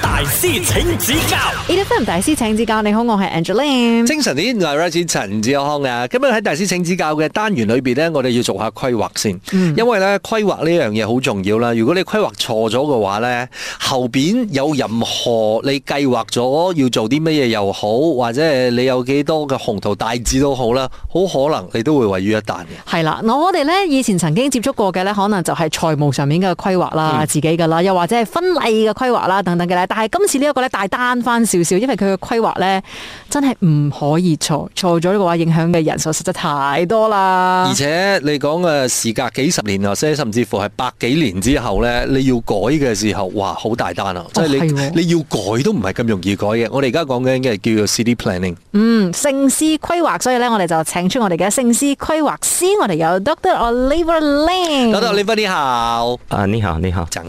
大師請指教，A F M 大師請指教。你好，我係 Angeline。精神啲，來 rising 陳志康啊！今日喺大師請指教嘅、嗯嗯、單元裏邊呢，我哋要做下規劃先，因為咧規劃呢樣嘢好重要啦。如果你規劃錯咗嘅話呢，後邊有任何你計劃咗要做啲乜嘢又好，或者係你有幾多嘅宏圖大志都好啦，好可能你都會毀於一旦嘅。係啦，我哋呢以前曾經接觸過嘅呢，可能就係財務上面嘅規劃啦，嗯又或者係婚禮嘅規劃啦，等等嘅咧。但係今次呢一個咧大單翻少少，因為佢嘅規劃咧真係唔可以錯，錯咗嘅話影響嘅人數實在太多啦。而且你講嘅時隔幾十年啊，甚至乎係百幾年之後咧，你要改嘅時候，哇，好大單啊！即係你，哦哦，你要改都唔係咁容易改嘅。我哋而家講緊嘅叫做 city planning，嗯，城市規劃。所以咧，我哋就請出我哋嘅城市規劃師，我哋有 Doctor Oliver Lane，Doctor Oliver 你好，啊你好你好。你好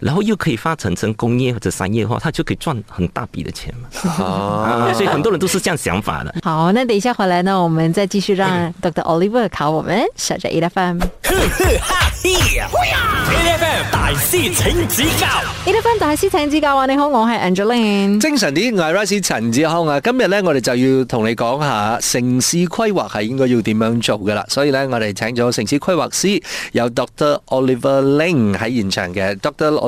然後又可以發展成工業或者商業化，他就可以賺很大筆的錢嘛。 啊、所以很多人都是這樣想法的。 好，那等一下回來呢，我們再繼續讓 Dr. Oliver 考我們。小只 E F M。呵呵哈嘿，E F M 大師請指教。E F M 大師請指教啊！你好，我係 Angeline。精神啲我係 Rice 陳子康啊！今日呢我哋就要同你講一下城市規劃係應該要點樣做噶啦。所以呢我哋請咗城市規劃師，由 Dr. Oliver Ling 喺現場嘅，Dr.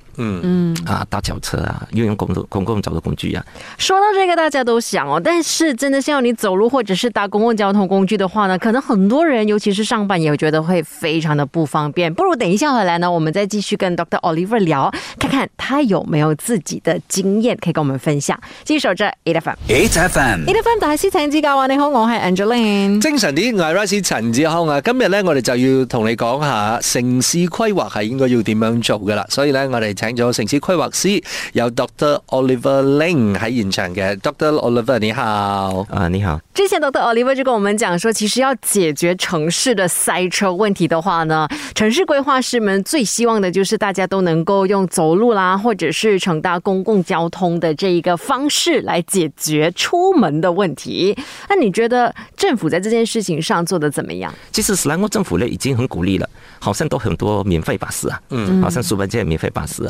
嗯嗯，啊搭腳車啊，運用公共公共交通工具啊。說到這個，大家都想哦，但是真的要你走路，或者是搭公共交通工具的話呢，可能很多人，尤其是上班，也覺得會非常的不方便。不如等一下回來呢，我們再繼續跟 Dr. Oliver 聊，看看他有沒有自己的經驗可以跟我們分享。繼續守着 Eight FM，Eight FM，Eight FM，大師請指教啊，你好，我係 Angeline，精神啲，我是、right, 陳志康啊。今日呢，我哋就要同你講下城市規劃係應該要點樣做噶啦，所以呢，我哋。請咗城市規劃師，有 Dr. Oliver Ling 喺現場嘅。Dr. Oliver 你好，啊你好。之前 Dr. Oliver 就跟我們講說，其實要解決城市的塞車問題的話呢，城市規劃師們最希望的就是大家都能夠用走路啦，或者是乘搭公共交通的這一個方式來解決出門的問題。那你覺得政府在這件事情上做得怎麼樣？其實史蘭國政府呢已經很鼓勵了，好像都很多免費巴士啊，嗯，好像書本借免費巴士、啊。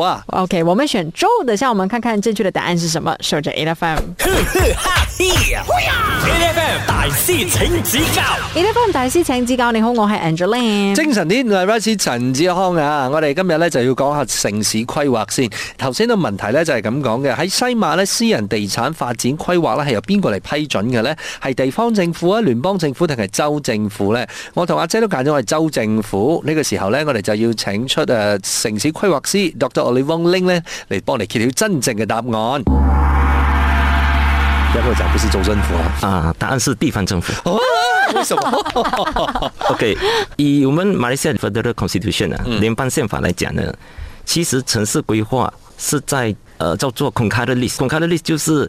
O、okay, K，我們選州。等下，我們看看正確的答案是什麼？守着 A F M，呵呵 F M 大師請指教，A F M 大師請指教。你好，我係 Angela，精神啲，我係陳志康啊，我哋今日咧就要講下城市規劃先。頭先個問題咧就係咁講嘅，喺西馬咧私人地產發展規劃咧係由邊個嚟批准嘅呢？係地方政府啊，聯邦政府定係州政府呢？我同阿姐都揀咗我係州政府。呢、這個時候呢，我哋就要請出誒城市規劃師、Dr. 你汪拎咧嚟幫你揭曉真正的答案。一個就不是中央政府啊，答案是地方政府。為什麼？OK 以我們馬來西亞 federal constitution 聯邦憲法來講呢，其實城市規劃是在呃叫做 concurrent list，concurrent list 就是。